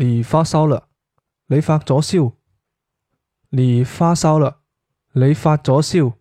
你發燒了，你發咗燒，你發燒了，你發咗燒。